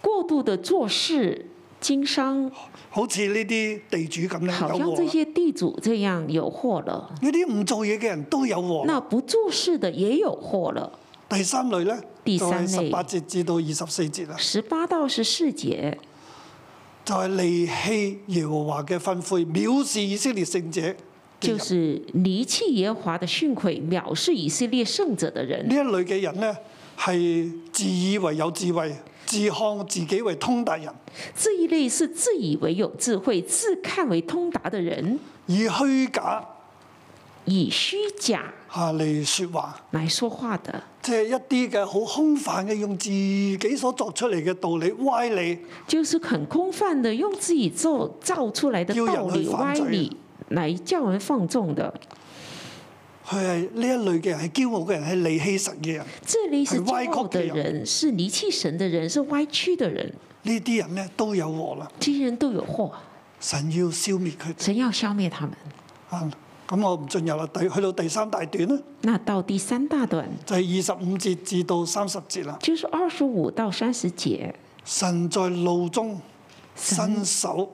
過度嘅做，做事、經商，好似呢啲地主咁樣有禍。好像這些地主這樣有禍了。呢啲唔做嘢嘅人都有禍。那不做事的也有禍了。第三類呢，第三類。十八節至節到二十四節啦。十八到十四節，就係離棄耶和華嘅吩咐，藐視以色列聖者。就是離棄耶和華的訓誨，藐視以色列聖者的人。呢一類嘅人呢，係自以為有智慧，自看自己為通達人。這一類是自以為有智慧，自看為通達的人，以虛假，以虛假嚇嚟説話，嚟說話的。即係一啲嘅好空泛嘅，用自己所作出嚟嘅道理歪理。就是很空泛嘅用自己造造出來嘅道理歪理。來叫人放縱的，佢係呢一類嘅人，係驕傲嘅人，係離棄神嘅人。這類是歪曲嘅人，是離棄神嘅人，是歪曲嘅人。呢啲人咧都有禍啦。這些人都有禍，神要消滅佢，神要消滅他們。咁、嗯、我唔進入啦，第去到第三大段啦。嗱，到第三大段就係二十五節至到三十節啦。就是二十五到三十節。神在路中伸手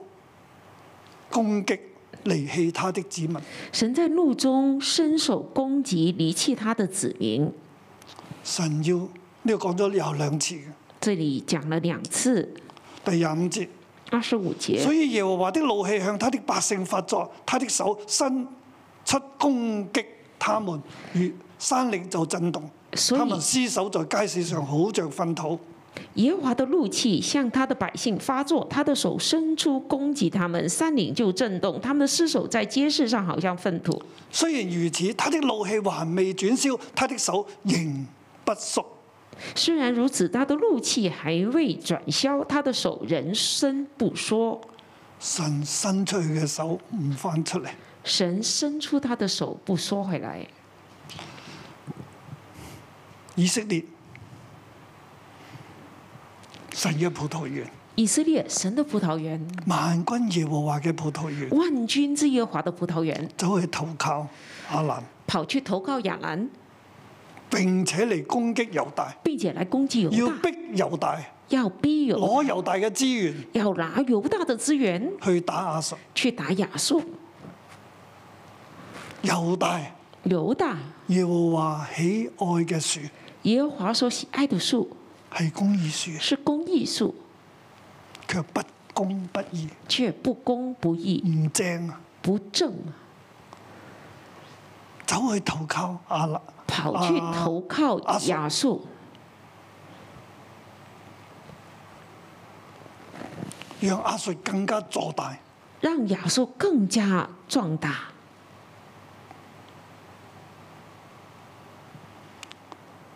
攻擊。離棄他的子民，神在怒中伸手攻擊離棄他的子民。神要呢、這個講咗有兩次嘅，這裏講了兩次，第廿五節、二十五節，所以耶和華的怒氣向他的百姓發作，他的手伸出攻擊他們，與山嶺就震動，所以他們屍首在街市上好像糞土。耶華的怒氣向他的百姓發作，他的手伸出攻擊他們，山嶺就震動，他們的屍首在街市上好像糞土。雖然如此，他的怒氣還未轉消，他的手仍不縮。雖然如此，他的怒氣還未轉消，他的手仍伸不縮。神伸出去嘅手唔翻出嚟，神伸出他的手不縮回來，以色列。神嘅葡萄園，以色列神的葡萄園，萬軍耶和華嘅葡萄園，萬軍之耶和華的葡萄園，走去投靠亞蘭，跑去投靠亞蘭，並且嚟攻擊猶大，並且嚟攻擊猶大，要逼猶大，要逼猶，攞猶大嘅資源，要拿猶大嘅資源去打亞述，去打亞述。猶大，猶大，耶和華喜愛嘅樹，耶和華所喜愛的樹。係公義樹，是公義樹，卻不公不義，卻不公不義，唔正啊，不正啊，走去投靠阿、啊啊，跑去投靠亞述、啊，讓亞述更加壯大，讓亞述更加壯大。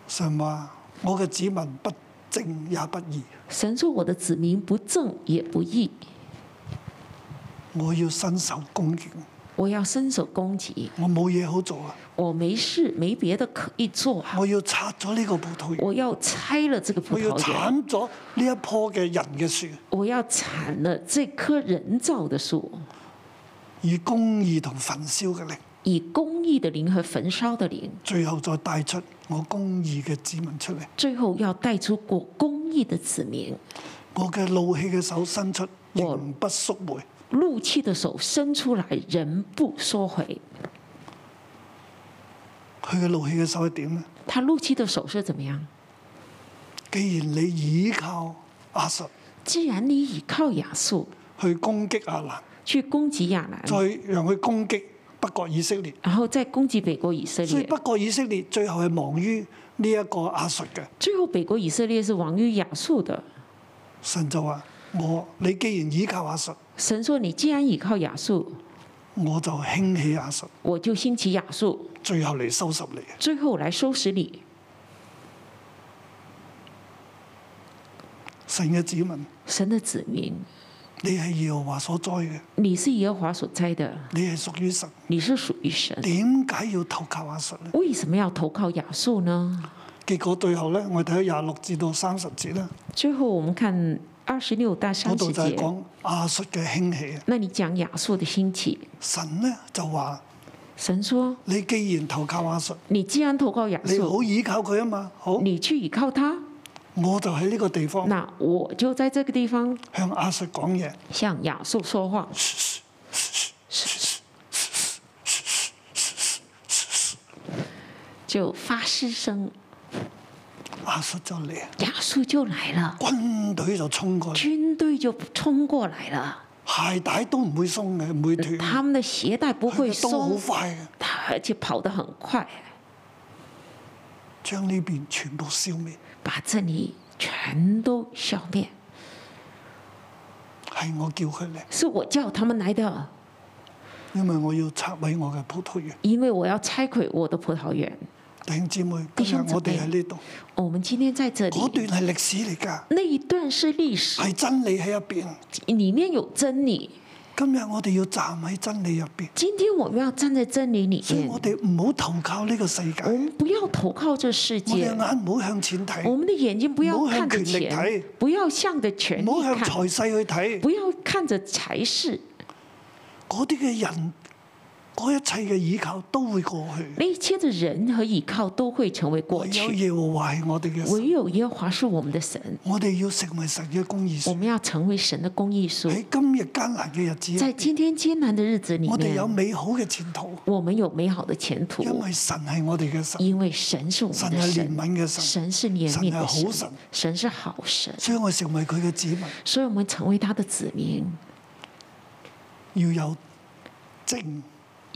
神話，我嘅子民不。正也不易，神做我的子民，不正也不義。我要伸手攻擊。我要伸手攻擊。我冇嘢好做啊。我冇事，沒別的可以做。我要拆咗呢個葡萄園。我要拆了這個葡萄園。我要鏟咗呢一棵嘅人嘅樹。我要鏟了這棵人造的樹，以公義同焚燒嘅靈。以公義的靈和焚燒的靈，最後再帶出。我公義嘅子民出嚟，最後要帶出個公義嘅子民。我嘅怒氣嘅手伸出，仍不縮回。怒氣嘅手伸出嚟，仍不縮回。佢嘅怒氣嘅手係點咧？他怒氣嘅手是怎麼樣？既然你倚靠亞述，既然你倚靠亞述去攻擊亞蘭，去攻擊亞蘭，再讓佢攻擊，北國以色列，然後再攻擊北國以色列。所以以，以色列最後係亡於呢一個亞述嘅。最後北國以色列是亡於亞述嘅。神就話：我，你既然依靠亞述。神說：你既然依靠亞述，我就興起亞述。我就興起亞述，最後嚟收拾你。最後嚟收拾你。神嘅子民。神嘅子民。你係耶和華所栽嘅，你是耶和華所栽的。你係屬於神，你是屬於神。點解要投靠亞述？為什麼要投靠亞述呢？結果最後咧，我哋睇下廿六至到三十節啦。最後我們看二十六到三十節。嗰度就係講亞述嘅興起啊。那你講亞述嘅興起，神咧就話：神說，你既然投靠亞述，你既然投靠亞述，你好依靠佢啊嘛，好，你去依靠他。我就喺呢個地方，那我就在呢個地方向亞述講嘢，向亞述說話，就發嘶聲，亞述就嚟，亞述就來了，軍隊就衝過，軍隊就衝過來了，鞋帶都唔會鬆嘅，唔會斷，他們嘅鞋帶唔會鬆，好快，而且跑得很快，將呢邊全部消滅。把這裏全都消滅。係我叫佢嚟。是我叫他們來的。因為我要拆毀我嘅葡萄園。因為我要拆毀我的葡萄園。弟兄姊妹，因為我哋喺呢度。我們今天在這裏。嗰段係歷史嚟㗎。那一段是歷史。係真理喺一邊。裏面有真理。今日我哋要站喺真理入邊。今天我們要站在真理裏。所以我哋唔好投靠呢個世界。我們不要投靠這世界。我哋眼唔好向前睇。我們的眼睛不要看着錢，不要向着權力。唔好向財勢去睇。不要看着財勢。嗰啲嘅人。我一切嘅依靠都會過去，一切嘅人和依靠都會成為過去。唯有耶和華係我哋嘅，唯有耶和華是我們嘅神。我哋要成為神嘅公義。我們要成為神的公義書。喺今日艱難嘅日子，在今天艱難嘅日子裏，我哋有美好嘅前途。我們有美好嘅前途，因為神係我哋嘅神，因為神是我們的神。神係憐憫嘅神，神是憐憫嘅神，神係好神，神是好神。所以我成為佢嘅子民，所以我們成為他的子民，嗯、要有正。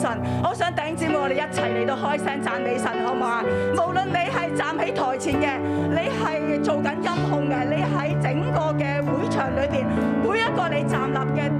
神，我想頂尖，我哋一齊嚟到開聲讚美神，好唔好啊？無論你係站喺台前嘅，你係做緊音控嘅，你喺整個嘅會場裏邊，每一個你站立嘅。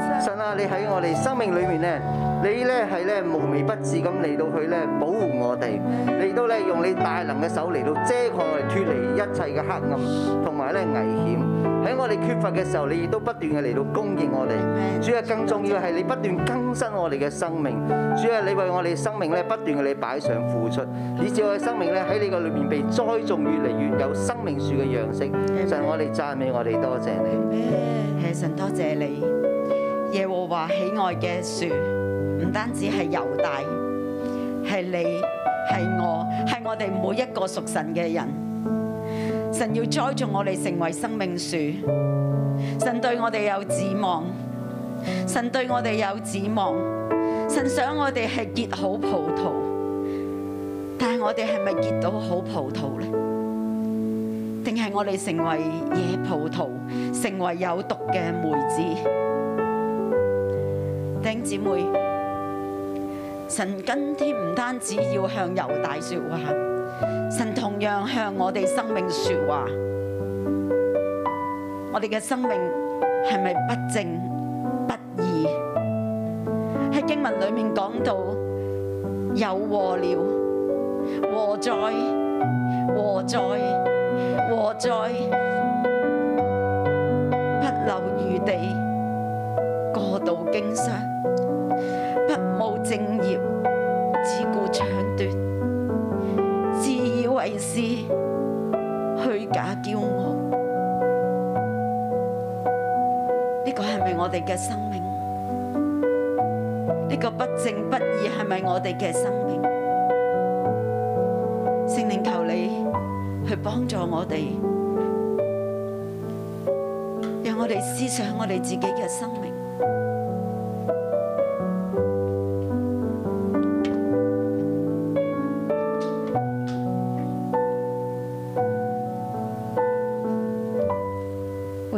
你喺我哋生命裏面咧，你咧係咧無微不至咁嚟到去咧保護我哋，嚟到咧用你大能嘅手嚟到遮蓋我哋脫離一切嘅黑暗，同埋咧危險。喺我哋缺乏嘅時候，你亦都不斷嘅嚟到供應我哋。主啊，更重要係你不斷更新我哋嘅生命。主啊，你為我哋生命咧不斷嘅你擺上付出，以至我嘅生命咧喺你個裏面被栽種，越嚟越有生命樹嘅樣式。神，我哋讚美我哋，多謝你。係神，多謝你。耶和華喜愛嘅樹，唔單止係猶大，係你，係我，係我哋每一個屬神嘅人。神要栽種我哋成為生命樹，神對我哋有指望，神對我哋有指望，神想我哋係結好葡萄，但係我哋係咪結到好葡萄呢？定係我哋成為野葡萄，成為有毒嘅梅子？弟兄姊妹，神今天唔單止要向猶大說話，神同樣向我哋生命說話。我哋嘅生命係咪不，不正不義？喺經文裏面講到，有禍了，禍在，禍在，禍在，不留餘地。道經商，不務正業，只顧搶奪，自以為是，虛假驕傲。呢個係咪我哋嘅生命？呢、這個不正不義係咪我哋嘅生命？聖靈求你去幫助我哋，讓我哋思想我哋自己嘅生命。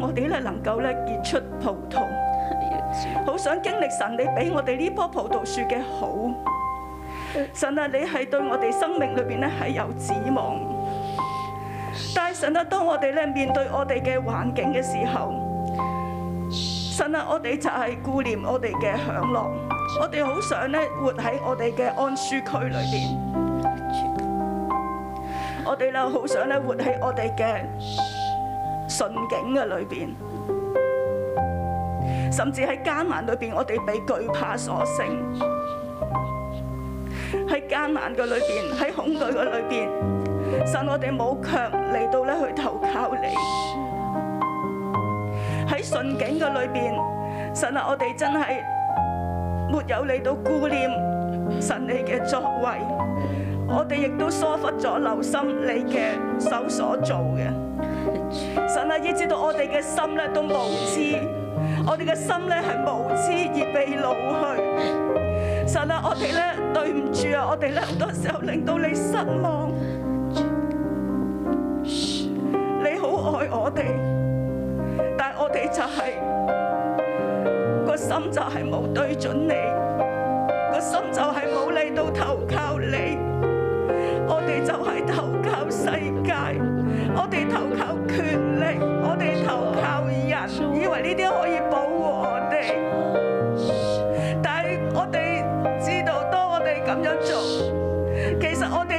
我哋咧能夠咧結出葡萄，好想經歷神你俾我哋呢棵葡萄樹嘅好。神啊，你係對我哋生命裏邊咧係有指望。但係神啊，當我哋咧面對我哋嘅環境嘅時候，神啊，我哋就係顧念我哋嘅享樂，我哋好想咧活喺我哋嘅安舒區裏邊。我哋咧好想咧活喺我哋嘅。順境嘅裏邊，甚至喺艱難裏邊，我哋被懼怕所勝；喺艱難嘅裏邊，喺恐懼嘅裏邊，神我哋冇強嚟到咧去投靠你；喺順境嘅裏邊，神啊，我哋真係沒有嚟到顧念神你嘅作為，我哋亦都疏忽咗留心你嘅手所做嘅。神啊，你知道我哋嘅心咧都無知，我哋嘅心咧係無知而被擄去。神啊，我哋咧對唔住啊，我哋咧好多時候令到你失望。你好愛我哋，但係我哋就係個心就係冇對準你，個心就係冇嚟到投靠你。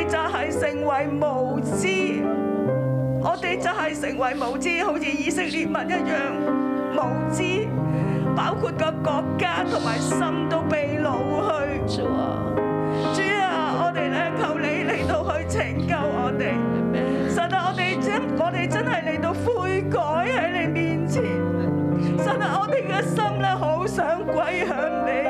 就係、是、成為無知，我哋就係成為無知，好似以色列民一樣無知，包括個國家同埋心都被擄去。主啊，我哋咧求你嚟到去拯救我哋。神啊，我哋真我哋真係嚟到悔改喺你面前。神啊，我哋嘅心咧好想歸向你，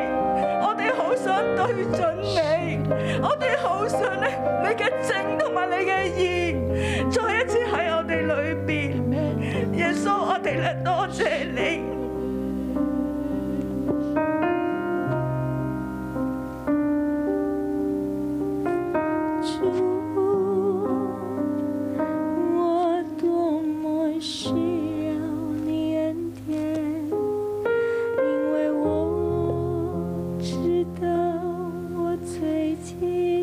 我哋好想對準你。我哋好想你，你嘅正同埋你嘅意再一次喺我哋裏邊。耶穌，我哋咧多謝你。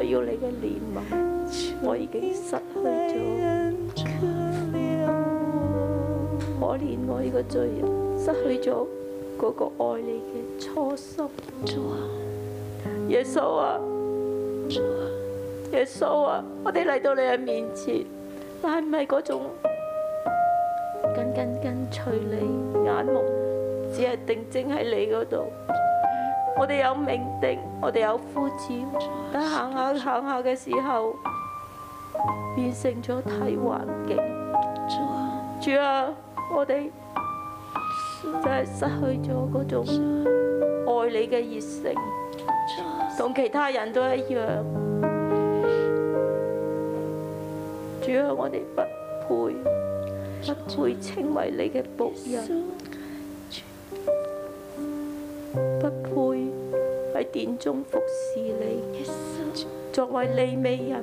我要你嘅憐憫，我已經失去咗。可憐我呢個罪人，失去咗嗰個愛你嘅初心。主啊，耶穌啊，耶穌啊，我哋嚟到你嘅面前，但係唔係嗰種緊緊跟隨你眼目，只係定睛喺你嗰度。我哋有命定，我哋有夫子。等行下行下嘅時候，變成咗睇環境。主啊，我哋就係失去咗嗰種愛你嘅熱誠，同其他人都一樣。主啊，我哋不配，不配稱為你嘅僕人。殿中服侍你，Yes. 作為利未人，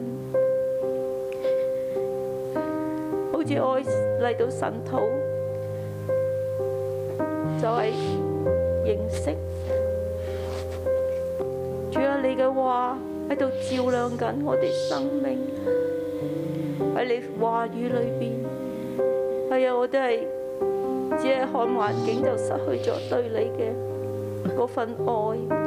好似愛嚟到神土，就係、是、認識主啊！你嘅話喺度照亮緊我哋生命，喺你的話語裏邊，哎呀，我都係只係看環境就失去咗對你嘅嗰份愛。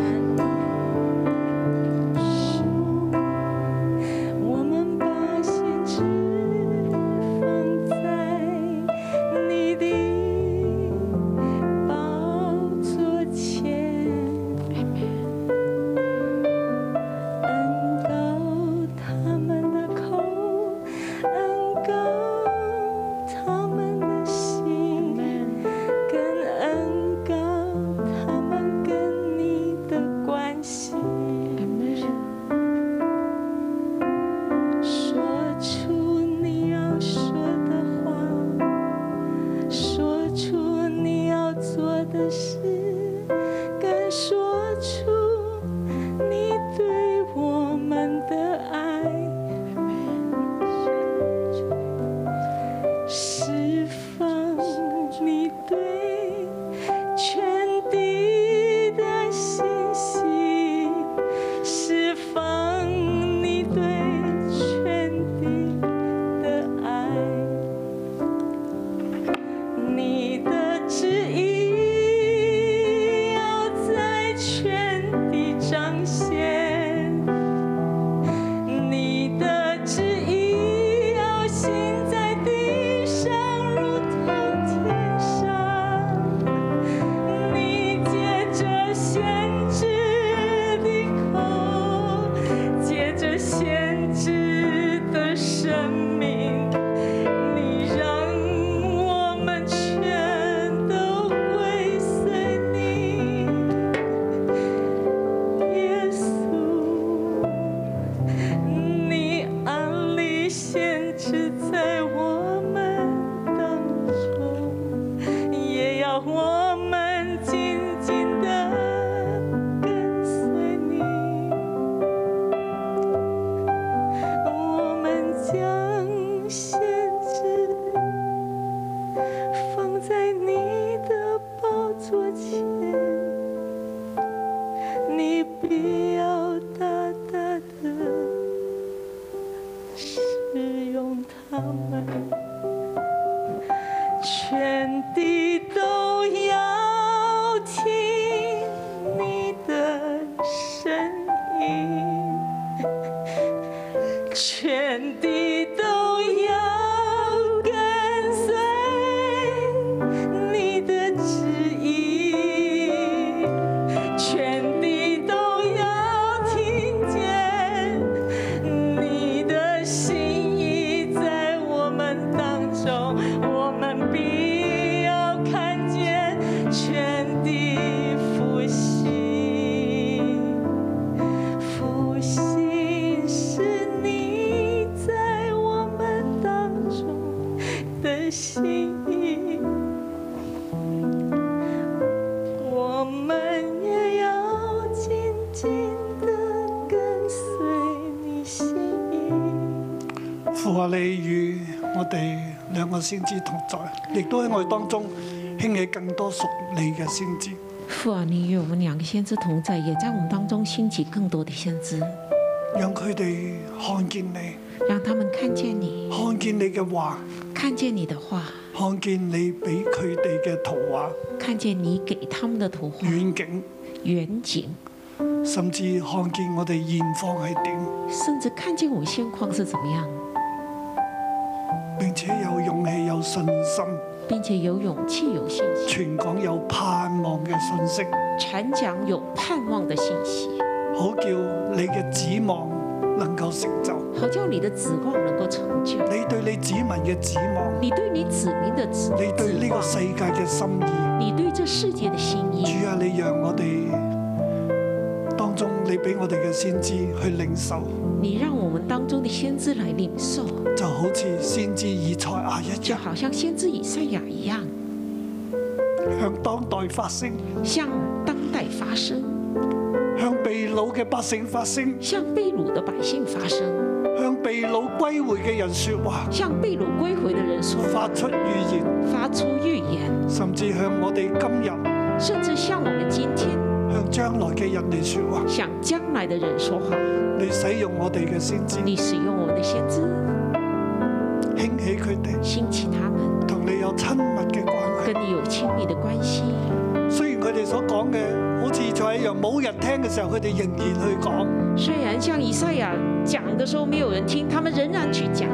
先知同在，亦都喺我哋當中興起更多屬你嘅先知。父啊，你與我們兩個先知同在，也在我們當中興起更多的先知，讓佢哋看見你，讓他們看見你，看見你嘅話，看見你的話，看見你俾佢哋嘅圖畫，看見你給他們的圖畫，遠景，遠景，甚至看見我哋現況係點，甚至看見我現況是怎麼樣。信心，並且有勇氣、有信心。全港有盼望嘅信息，傳講有盼望嘅信息，好叫你嘅指望能夠成就，好叫你嘅指望能夠成就。你對你子民嘅指望，你對你子民嘅指望，你對呢個世界嘅心意，你對這世界嘅心意。主啊，你讓我哋當中，你俾我哋嘅先知去領受。你讓我們當中的先知來領受，就好似先知以賽亞一樣，就好像先知以賽亞一樣，向當代發聲，向當代發聲，向被擄嘅百姓發聲，向被擄的百姓發聲，向被擄歸回嘅人說話，向被擄歸回的人說話，向回的人說發出預言，發出預言，甚至向我哋今日，甚至向我們今，我們今天。向將來嘅人嚟說話，向將來的人說話。你使用我哋嘅先知，你使用我哋的先知，興起佢哋，興起他們，同你有親密嘅關係，跟你有親密的關係。雖然佢哋所講嘅好似在一樣冇人聽嘅時候，佢哋仍然去講。雖然像以賽亞講嘅時候，沒有人聽，他們仍然去講。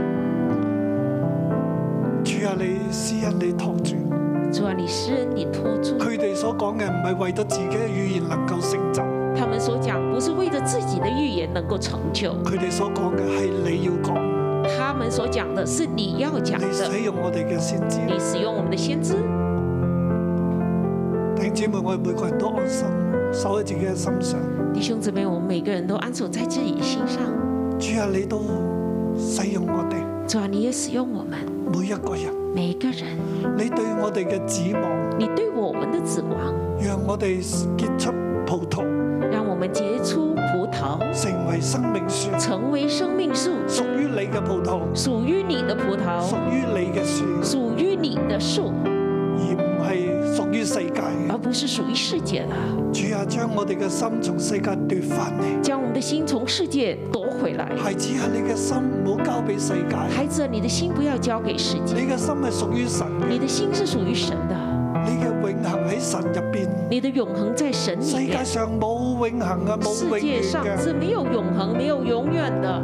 主啊，你施恩，你托住。主啊，你施恩，你托住佢哋所講嘅唔係為咗自己嘅預言能夠成就，他們所講唔係為咗自己嘅預言能夠成就，佢哋所講嘅係你要講，他們所講嘅係你要講嘅，你使用我哋嘅先知，你使用我哋嘅先知，弟兄姊妹，我哋每個人都安心，守喺自己嘅心上。弟兄姊妹，我們每個人都安守在自己嘅心上。主啊，你都使用我哋，主啊，你要使用我們每一個人。每個人，你對我哋嘅指望，你對我們的指望，讓我哋結出葡萄，讓我們結出葡萄，成為生命樹，成為生命樹，屬於你嘅葡萄，屬於你嘅葡萄，屬於你嘅樹，屬於你嘅樹，而唔係屬於世界，而唔係屬於世界啊，主啊，將我哋嘅心從世界奪翻嚟，將我們嘅心從世界奪。回來，孩子，係你嘅心，唔好交俾世界。孩子，你的心不要交俾世、啊、世界。你嘅心係屬於神的。你的心是屬於神的，你嘅永恒喺神入邊。你的永恒在神裏邊。世界上冇永恒嘅，冇永遠嘅。世界上是沒有永恒，沒有永遠的，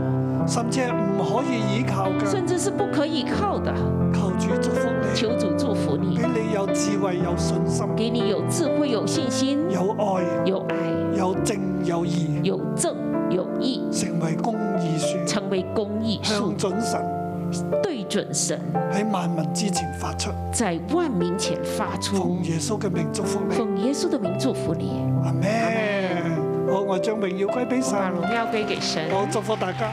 甚至唔可以依靠嘅。甚至是不可以靠的，不可靠的。求主祝福你，求主祝福你，給你有智慧有信心，給你有智慧有信心，有愛，有愛，有正有義，有正有義。有公義書，成為公義書，向準神，對準神，喺萬民之前發出，在萬民前發出，奉耶穌嘅名祝福，奉耶穌的名祝福你，阿門。我我將榮耀歸俾神，把榮耀歸給神。我祝福大家。